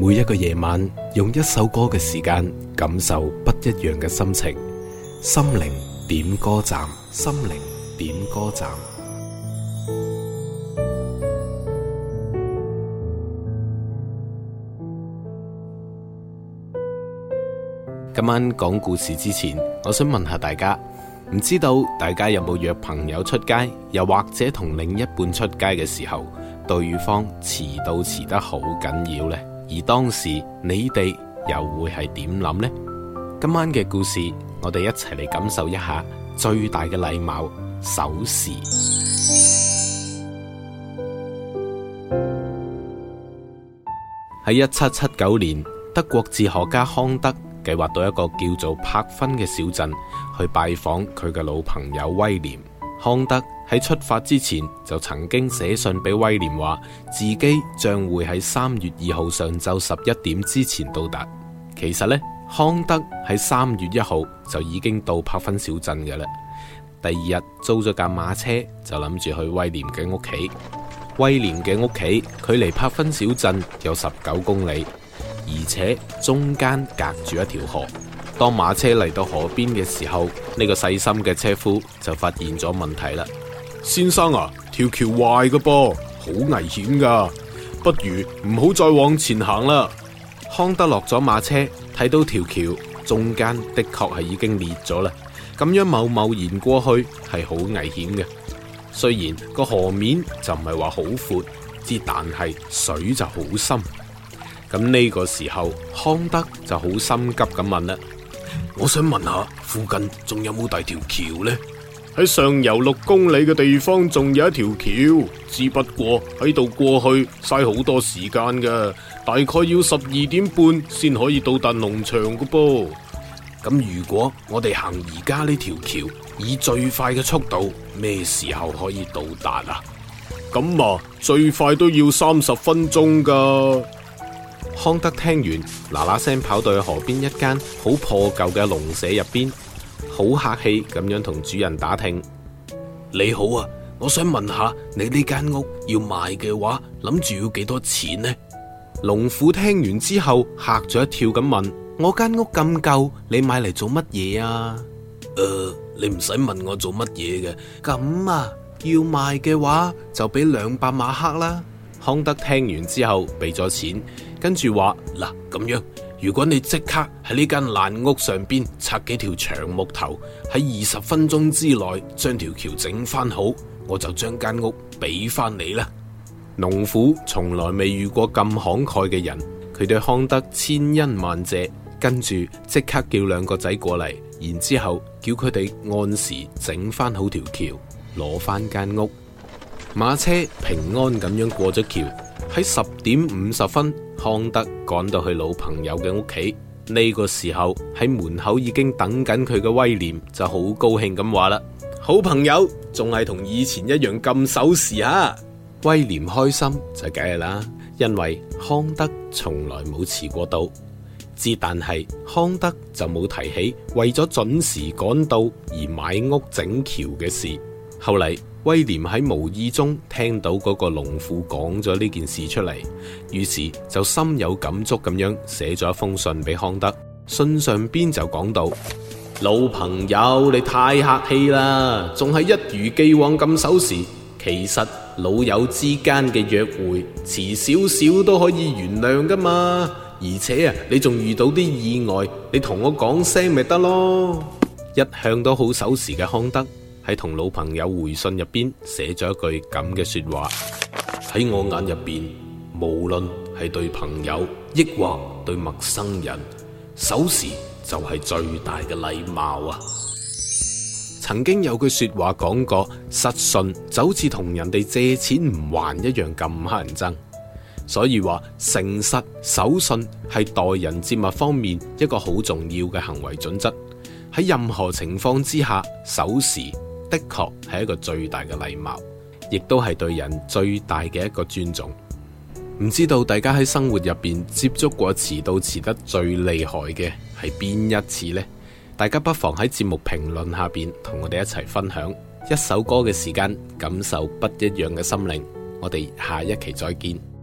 每一個夜晚，用一首歌嘅時間，感受不一樣嘅心情。心靈點歌站，心靈點歌站。今晚講故事之前，我想問下大家，唔知道大家有冇約朋友出街，又或者同另一半出街嘅時候，對方遲到遲得好緊要呢？而當時你哋又會係點諗呢？今晚嘅故事，我哋一齊嚟感受一下最大嘅禮貌，守時。喺一七七九年，德國哲學家康德計劃到一個叫做柏芬嘅小鎮去拜訪佢嘅老朋友威廉。康德喺出發之前就曾經寫信俾威廉話，自己將會喺三月二號上晝十一點之前到達。其實呢，康德喺三月一號就已經到柏芬小鎮嘅啦。第二日租咗架馬車就諗住去威廉嘅屋企。威廉嘅屋企距離柏芬小鎮有十九公里，而且中間隔住一條河。當馬車嚟到河邊嘅時候，呢個細心嘅車夫就發現咗問題啦。先生啊，條橋壞嘅噃，好危險噶，不如唔好再往前行啦。康德落咗馬車，睇到條橋中間的確係已經裂咗啦，咁樣貿貿然過去係好危險嘅。雖然個河面就唔係話好闊，之但係水就好深。咁呢個時候，康德就好心急咁問啦。我想問下，附近仲有冇大條橋呢？喺上游六公里嘅地方仲有一條橋，只不過喺度過去嘥好多時間噶，大概要十二點半先可以到達農場噶噃。咁如果我哋行而家呢條橋，以最快嘅速度，咩時候可以到達啊？咁啊，最快都要三十分鐘噶。康德聽完，嗱嗱聲跑到去河邊一間好破舊嘅農舍入邊，好客氣咁樣同主人打聽：你好啊，我想問下你呢間屋要賣嘅話，諗住要幾多錢呢？農夫聽完之後嚇咗一跳，咁問：我間屋咁舊，你買嚟做乜嘢啊？誒、呃，你唔使問我做乜嘢嘅。咁啊，要賣嘅話就俾兩百馬克啦。康德聽完之後俾咗錢。跟住話嗱咁樣，如果你即刻喺呢間爛屋上邊拆幾條長木頭，喺二十分鐘之內將條橋整翻好，我就將間屋俾翻你啦。農夫從來未遇過咁慷慨嘅人，佢對康德千恩萬謝，跟住即刻叫兩個仔過嚟，然之後叫佢哋按時整翻好條橋，攞翻間屋。馬車平安咁樣過咗橋，喺十點五十分。康德趕到去老朋友嘅屋企，呢個時候喺門口已經等緊佢嘅威廉，就好高興咁話啦：「好朋友仲係同以前一樣咁守時吓。」威廉開心就梗係啦，因為康德從來冇遲過到。之但係康德就冇提起為咗準時趕到而買屋整橋嘅事。後嚟。威廉喺無意中聽到嗰個農夫講咗呢件事出嚟，於是就深有感觸咁樣寫咗一封信俾康德。信上邊就講到：老朋友，你太客氣啦，仲係一如既往咁守時。其實老友之間嘅約會遲少少都可以原諒噶嘛。而且啊，你仲遇到啲意外，你同我講聲咪得咯。一向都好守時嘅康德。喺同老朋友回信入邊寫咗一句咁嘅說話：喺我眼入邊，無論係對朋友，抑或對陌生人，守時就係最大嘅禮貌啊！曾經有句說話講過：失信就好似同人哋借錢唔還一樣咁乞人憎，所以話誠實守信係待人接物方面一個好重要嘅行為準則。喺任何情況之下，守時。的確係一個最大嘅禮貌，亦都係對人最大嘅一個尊重。唔知道大家喺生活入邊接觸過遲到遲得最厲害嘅係邊一次呢？大家不妨喺節目評論下邊同我哋一齊分享一首歌嘅時間，感受不一樣嘅心靈。我哋下一期再見。